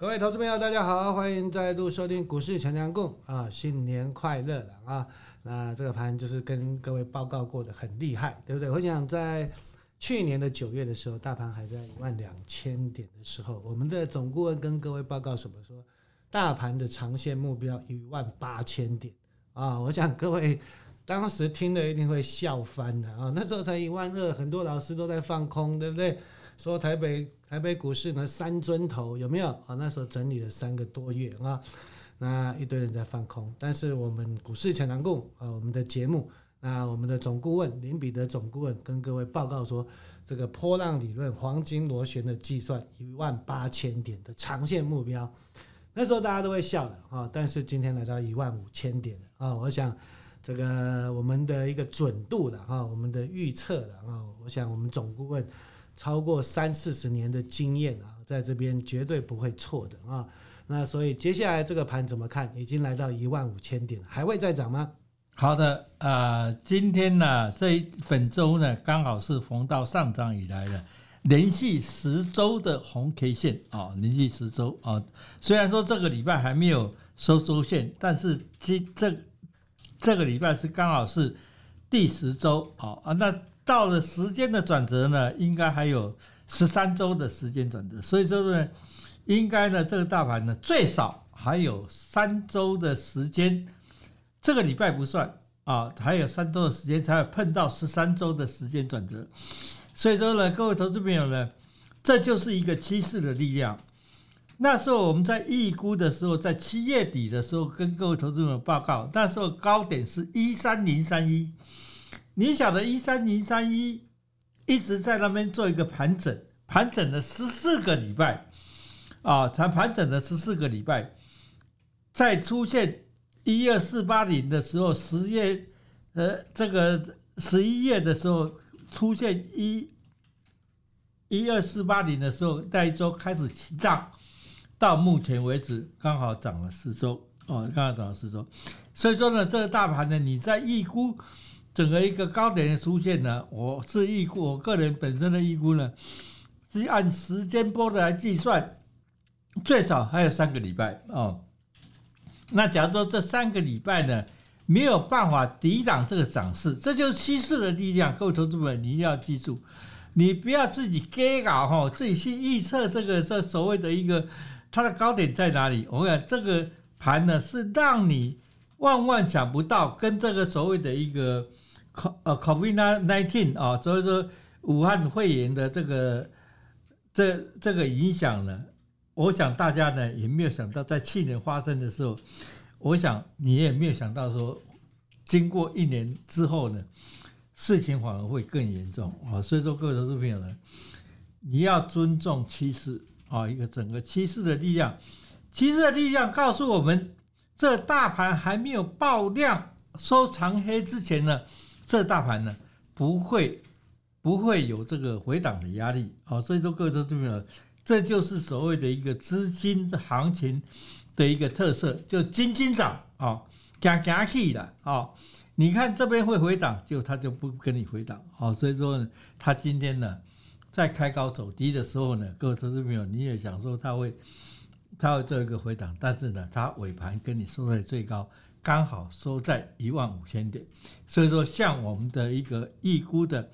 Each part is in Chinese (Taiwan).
各位投資朋友，大家好，歡迎再度收聽《股市強強滾》啊！新年快樂啊！那這個盤就是跟各位報告過得很厲害，對不對？我想在去年的九月的時候，大盤還在一萬兩千點的時候，我們的總顧問跟各位報告什麼？說大盤的長線目標一萬八千點啊！我想各位當時聽了一定會笑翻的啊！那時候才一萬二，很多老師都在放空，對不對？說台北台北股市呢，三尊頭有沒有啊？那時候整理了三個多月啊，那一堆人在放空。但是我們股市前瞻共啊，我們的節目，啊，我們的總顧問林彼得總顧問跟各位報告說，這個波浪理論黃金螺旋的計算一萬八千點的長線目標，那時候大家都會笑了啊。但是今天來到一萬五千點啊，我想這個我們的一個準度的哈，我們的預測的啊。我想我們總顧問。超過三四十年的經驗啊，在這邊絕對不會錯的啊。那所以接下來這個盤怎麼看？已經來到一萬五千點，還會再漲嗎？好的，呃，今天呢、啊，這一本周呢，剛好是逢到上漲以來的連續十周的紅 K 線啊，連、哦、續十周啊、哦。雖然說這個禮拜還沒有收周線，但是今這這個禮拜是剛好是第十周啊啊、哦、那。到了時間的轉折呢，應該還有十三周的時間轉折，所以說呢，應該呢這個大盤呢最少還有三周的時間，這個禮拜不算啊，還有三周的時間才會碰到十三周的時間轉折，所以說呢，各位投資朋友呢，這就是一個趨勢的力量。那時候我們在預估的時候，在七月底的時候跟各位投資朋友報告，那時候高點是一三零三一。你曉得一三零三一一直在那邊做一個盤整，盤整了十四個禮拜啊、哦，才盤整了十四個禮拜。在出現一二四八零的時候，十月呃這個十一月的時候出現一一二四八零的時候，那一周開始起漲，到目前為止剛好漲了四周哦，剛好漲了四周。所以說呢，這個大盤呢，你在預估。整個一個高點的出現呢，我是預估，我個人本身的預估呢，是按時間波的來計算，最少還有三個禮拜哦。那假如說這三個禮拜呢，沒有辦法抵擋這個漲勢，這就是趨勢的力量。各位同志們，你一定要記住，你不要自己 gay 搞哈，自己去預測這個這所謂的一個它的高點在哪裡。我跟你講這個盤呢，是讓你萬萬想不到，跟這個所謂的一個。啊 COVID-19 啊，所以說武漢肺炎的這個這這個影響呢，我想大家呢也沒有想到，在去年發生的時候，我想你也沒有想到說，經過一年之後呢，事情反而會更嚴重啊。所以說，各位投資朋友呢，你要尊重趨勢啊，一個整個趨勢的力量，趨勢的力量告訴我們，這大盤還沒有爆量收長黑之前呢。這大盤呢，不會，不會有這個回檔的壓力，好、哦，所以說各位投資朋友，這就是所謂的一個資金的行情的一個特色，就斤斤漲啊，夾夾去了啊，你看這邊會回檔，就他就不跟你回檔，好、哦，所以說呢他今天呢，在開高走低的時候呢，各位投資朋友，你也想說他會，他會做一個回檔，但是呢，他尾盤跟你收在最高。剛好收在一萬五千點，所以說像我們的一個預估的，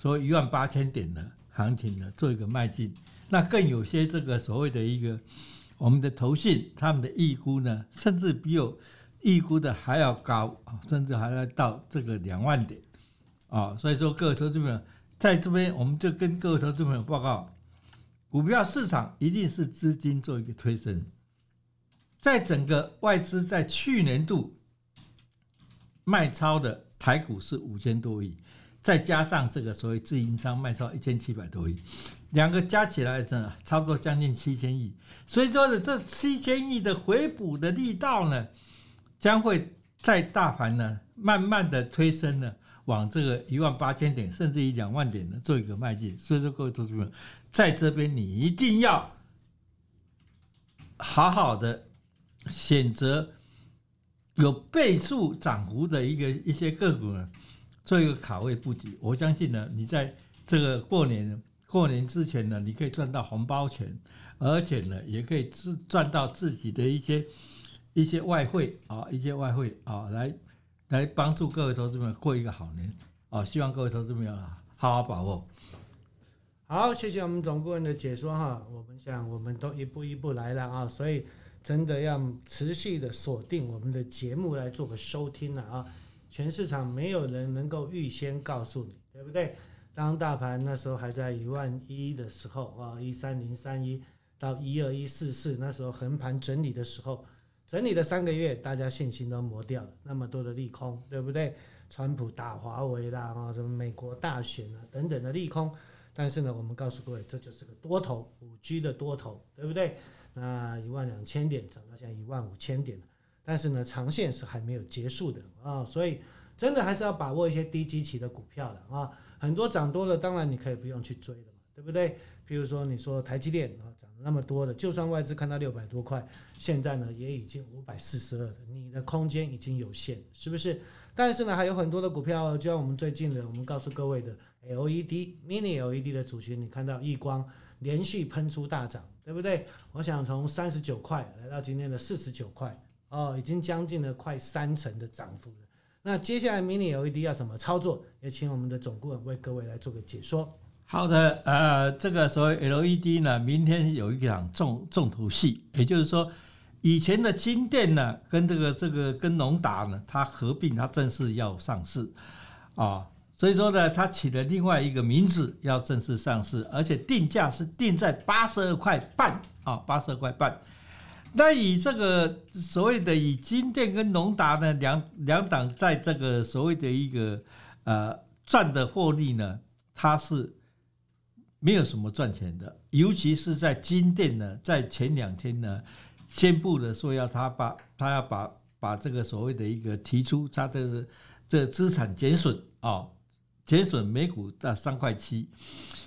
說一萬八千點的行情呢，做一個邁進。那更有些這個所謂的一個我們的投信，他們的預估呢，甚至比有預估的還要高啊，甚至還要到這個兩萬點啊。所以說，各位投資朋友在這邊，我們就跟各位投資朋友報告，股票市場一定是資金做一個推升。在整個外資在去年度賣超的台股是五千多億，再加上這個所謂自營商賣超一千七百多億，兩個加起來，真的差不多將近七千億。所以說呢，這七千億的回補的力道呢，將會在大盤呢慢慢的推升呢，往這個一萬八千點甚至於兩萬點呢做一個邁進。所以說各位同學們，在這邊你一定要好好的。選擇有倍數漲幅的一個一些個股呢，做一個卡位布局，我相信呢，你在這個過年過年之前呢，你可以賺到紅包錢，而且呢，也可以賺到自己的一些一些外匯啊，一些外匯啊、哦哦，來來幫助各位投資朋友過一個好年啊、哦！希望各位投資朋友啊，好好把握。好，謝謝我們總顧問的解說哈，我們想我們都一步一步來了啊，所以。真的要持續的鎖定我們的節目來做個收聽了啊，啊！全市場沒有人能夠預先告訴你，對不對？當大盤那時候還在一萬一的時候啊，一三零三一到一二一四四，那時候橫盤整理的時候，整理了三個月，大家信心都磨掉了，那麼多的利空，對不對？川普打華為啦，啊，什麼美國大選啊，等等的利空。但是呢，我們告訴各位，這就是個多頭，五 G 的多頭，對不對？那一萬兩千點漲到現在一萬五千點了，但是呢，長線是還沒有結束的啊、哦，所以真的還是要把握一些低基期的股票的啊、哦，很多漲多了，當然你可以不用去追了嘛，對不對？比如說你說台積電漲了、哦、那麼多的，就算外資看到六百多塊，現在呢也已經五百四十二了，你的空間已經有限，是不是？但是呢，還有很多的股票，就像我們最近的，我們告訴各位的 LED mini LED 的族群，你看到億光連續噴出大漲。對不對？我想從三十九塊來到今天的四十九塊哦，已經將近了快三成的漲幅了。那接下來 Mini LED 要怎麼操作？也請我們的總顧問為各位來做個解說。好的，呃，這個所謂 LED 呢，明天有一場重重頭戲，也就是說，以前的晶電呢，跟這個這個跟隆達呢，它合併，它正式要上市啊。哦所以說呢，他起了另外一個名字，要正式上市，而且定價是定在八十二塊半啊，八十二塊半。那以這個所謂的以金店跟農達呢兩兩檔在這個所謂的一個呃賺的獲利呢，它是沒有什麼賺錢的，尤其是在金店呢，在前兩天呢宣佈了說要他把他要把把這個所謂的一個提出他的這個這個、資產減損啊。哦減損每股到三塊七，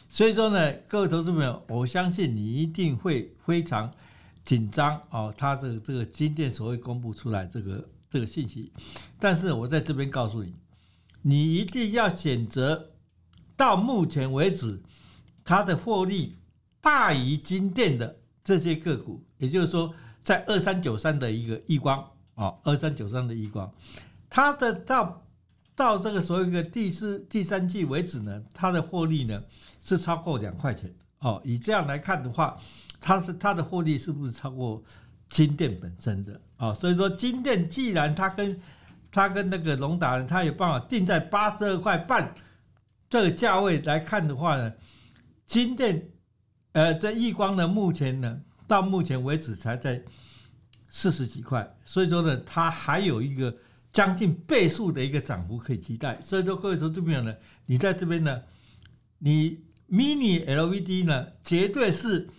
所以說呢，各位投資朋友，我相信你一定會非常緊張哦。他這個這個金店所謂公布出來這個這個信息，但是我在這邊告訴你，你一定要選擇到目前為止它的獲利大於金店的這些個股，也就是說，在二三九三的一個億光啊，二三九三的億光，它的到。到這個所謂的第四第三季為止呢，它的獲利呢是超過兩塊錢哦。以這樣來看的話，它是它的獲利是不是超過晶電本身的哦，所以說晶電既然它跟它跟那個隆達人，它有辦法定在八十二塊半這個價位來看的話呢，晶電呃這億光呢目前呢到目前為止才在四十幾塊，所以說呢它還有一個。將近倍數的一個漲幅可以期待，所以說各位從這邊呢，你在這邊呢，你 mini LED 呢，絕對是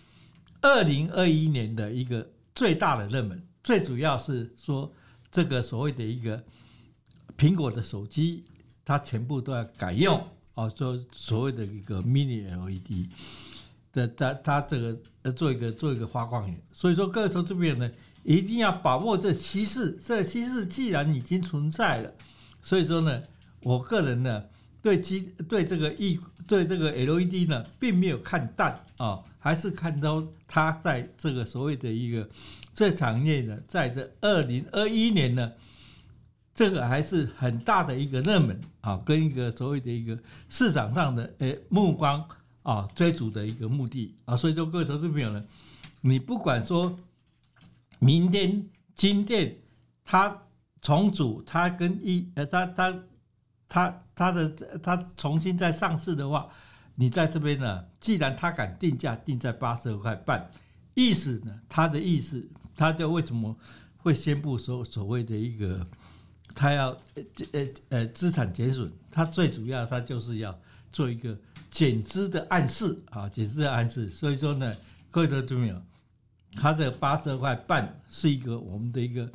二零二一年的一個最大的熱門，最主要是說這個所謂的一個蘋果的手機，它全部都要改用啊，說所謂的一個 mini LED 的，它它這個做一個做一個發光源，所以說各位從這邊呢。一定要把握這趨勢，這趨勢既然已經存在了，所以說呢，我個人呢對機對這個一對這個 LED 呢，並沒有看淡啊、哦，還是看到它在這個所謂的一個這產業呢，在這二零二一年呢，這個還是很大的一個熱門啊、哦，跟一個所謂的一個市場上的目光啊、哦、追逐的一個目的啊、哦，所以說各位投資朋友呢，你不管說。明天金電，它重組，它跟一呃，它它它它的它重新再上市的話，你在這邊呢，既然它敢定價定在八十二塊半，意思呢，它的意思，它就為什麼會宣布說所所謂的一個，它要呃呃呃資產減損，它最主要它就是要做一個減資的暗示啊，減資的暗示，所以說呢，各位聽沒有？它這八十塊半是一個我們的一個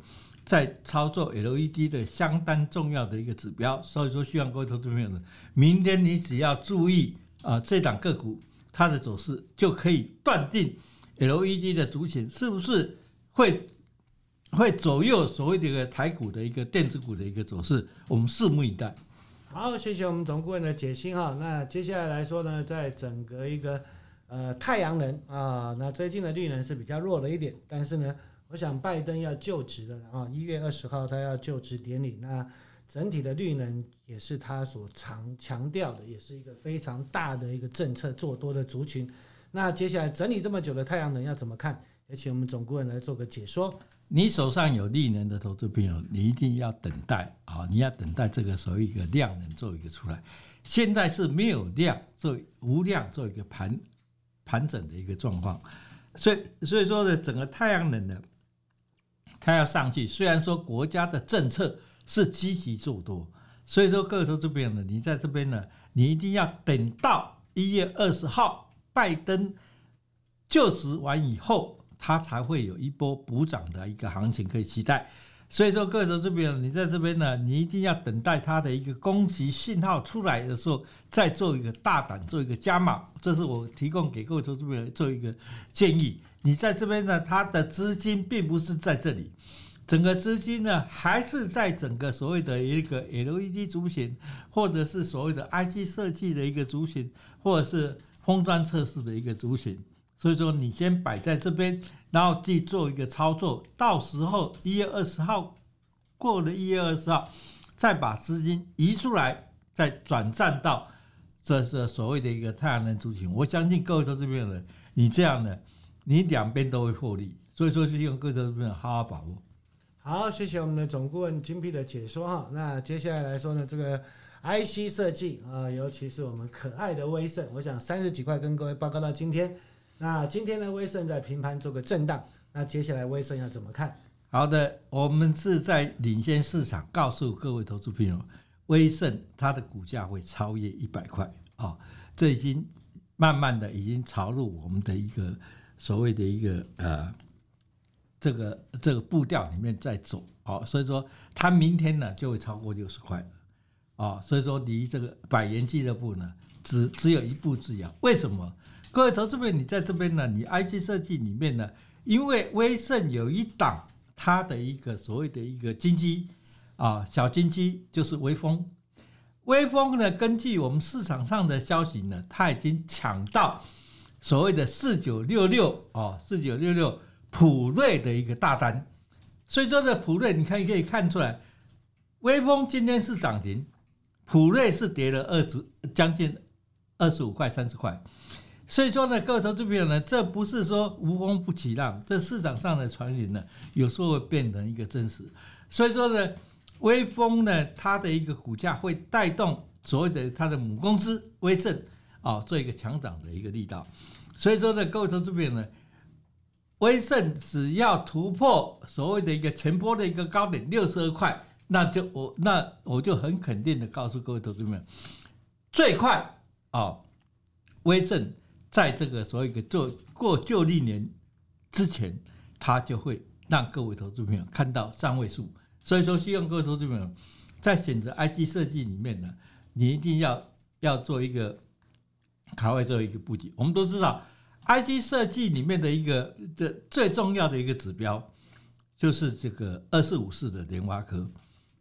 在操作 LED 的相當重要的一個指標，所以說，希望各位投資朋友們明天你只要注意啊，這檔個股它的走勢，就可以斷定 LED 的族群是不是會會左右所謂的一個台股的一個電子股的一個走勢，我們拭目以待。好，謝謝我們總顧問的解析哈，那接下來來說呢，在整個一個。呃，太陽能啊、哦，那最近的綠能是比較弱了一點，但是呢，我想拜登要就職了啊，哦、一月二十號他要就職典禮，那整體的綠能也是他所強強調的，也是一個非常大的一個政策做多的族群。那接下來整理這麼久的太陽能要怎麼看？也請我們總顧問來做個解說。你手上有綠能的投資朋友，你一定要等待啊、哦，你要等待這個時候一個量能做一個出來，現在是沒有量做無量做一個盤。盤整的一個狀況，所以所以說呢，整個太陽能的它要上去，雖然說國家的政策是積極做多，所以說各位這邊者呢，你在這邊呢，你一定要等到一月二十號拜登就職完以後，它才會有一波補漲的一個行情可以期待。所以說，各位投資者朋友，你在這邊呢，你一定要等待它的一個攻擊信號出來的時候，再做一個大膽做一個加碼。這是我提供給各位投資者朋友做一個建議。你在這邊呢，它的資金並不是在這裡，整個資金呢還是在整個所謂的一個 LED 族群，或者是所謂的 IC 設計的一個族群，或者是封裝測試的一個族群。所以說，你先擺在這邊，然後自己做一個操作。到時候一月二十號，過了一月二十號，再把資金移出來，再轉戰到這是所謂的一個太陽能族群。我相信各位在這邊的人，你這樣的，你兩邊都會獲利。所以說，就用各位在這邊好好把握。好，謝謝我們的總顧問精闢的解說哈。那接下來來說呢，這個 IC 設計啊、呃，尤其是我們可愛的威盛，我想三十幾塊跟各位報告到今天。那今天呢，威盛在平盤做個震盪，那接下來威盛要怎麼看？好的，我們是在領先市場，告訴各位投資朋友，威盛它的股價會超越一百塊啊，這已經慢慢的已經朝入我們的一個所謂的一個呃，這個這個步調裡面在走，好、哦，所以說它明天呢就會超過六十塊啊，所以說離這個百元俱樂部呢只只有一步之遙，為什麼？各位投資者，你在這邊呢？你 IC 設計裡面呢？因為威盛有一檔，它的一個所謂的一個金雞啊，小金雞就是威風。威風呢，根據我們市場上的消息呢，它已經搶到所謂的四九六六啊，四九六六普瑞的一個大單。所以說，這普瑞你看可，可以看出來，威風今天是漲停，普瑞是跌了二十將近二十五塊、三十塊。所以說呢，各位投資朋友呢，這不是說無風不起浪，這市場上的傳言呢，有時候會變成一個真實。所以說呢，威鋒呢，它的一個股價會帶動所謂的它的母公司威盛啊，做一個強漲的一個力道。所以說呢，各位投資朋友呢，威盛只要突破所謂的一個前波的一個高點六十二塊，那就我那我就很肯定的告訴各位投資朋友，最快啊，威盛、哦、威盛在這個所謂一個做過舊曆年之前，他就會讓各位投資朋友看到三位數。所以說，希望各位投資朋友在選擇 IC 設計裡面呢，你一定要要做一個卡位，做一個佈局。我們都知道，IC 設計裡面的一個這最重要的一個指標，就是這個二四五四的聯發科。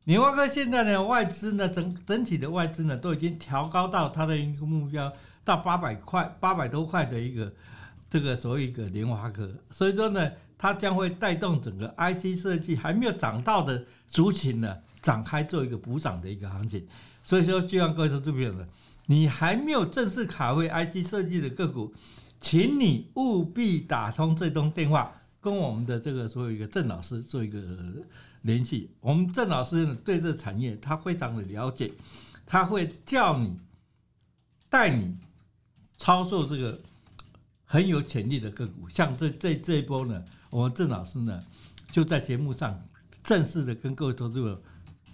聯發科現在呢，外資呢整整體的外資呢都已經調高到它的一個目標。到八百塊，八百多塊的一個，這個所謂一個聯華科，所以說呢，它將會帶動整個 IC 設計還沒有漲到的族群呢，展開做一個補漲的一個行情。所以說，希望各位投資朋友，你還沒有正式卡位 IC 設計的個股，請你務必打通這通電話，跟我們的這個所謂一個鄭老師做一個聯繫。我們鄭老師呢，對這個產業他非常的了解，他會叫你帶你。操作這個很有潛力的個股，像這這這一波呢，我們鄭老師呢就在節目上正式的跟各位投資者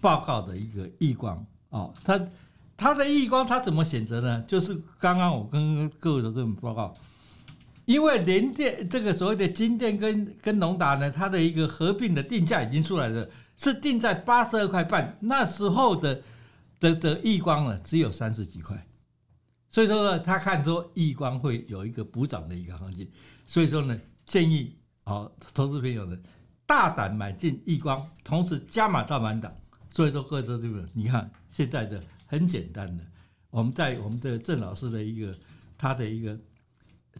報告的一個億光啊，他、哦、他的億光他怎麼選擇呢？就是剛剛我跟各位投資者報告，因為聯電這個所謂的晶電跟跟隆達呢，它的一個合併的定價已經出來了，是定在八十二塊半，那時候的的的億光呢，只有三十幾塊。所以說呢，他看出易光會有一個補漲的一個行情，所以說呢，建議啊、哦，投資朋友呢，大膽買進易光，同時加碼到滿檔。所以說各位投資朋友，你看現在的很簡單的，我們在我們的鄭老師的一個他的一個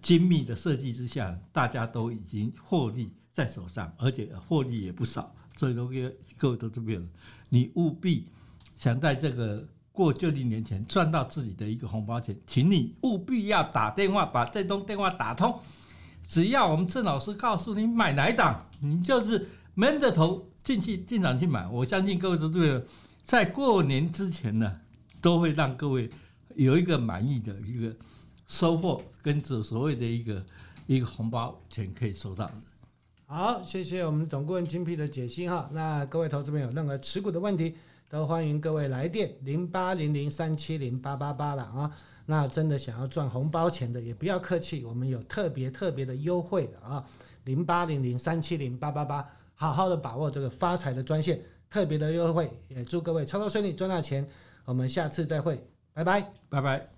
精密的設計之下，大家都已經獲利在手上，而且獲利也不少。所以說各位各位投資朋友，你務必想在這個。過舊曆年前賺到自己的一個紅包錢，請你務必要打電話把這通電話打通。只要我們鄭老師告訴你買哪一檔，你就是悶着頭進去進場去買。我相信各位都對了，在過年之前呢，都會讓各位有一個滿意的一個收穫，跟着所謂的一個一個紅包錢可以收到。好，謝謝我們總顧問精闢的解析哈。那各位投資朋友有任何持股的問題？都歡迎各位來電零八零零三七零八八八了啊！那真的想要賺紅包錢的也不要客氣，我們有特別特別的優惠的啊！零八零零三七零八八八，好好的把握這個發財的專線，特別的優惠，也祝各位操作順利，賺到錢！我們下次再會，拜拜，拜拜。